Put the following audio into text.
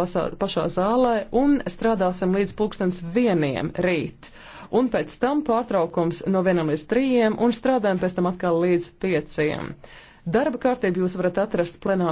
pasā, pašā zālē un strādāsim līdz pulkstens vieniem rīt. Un pēc tam pārtraukums no vienam līdz trījiem un strādājam pēc tam atkal līdz pieciem. Darba kārtību jūs varat atrast plenā.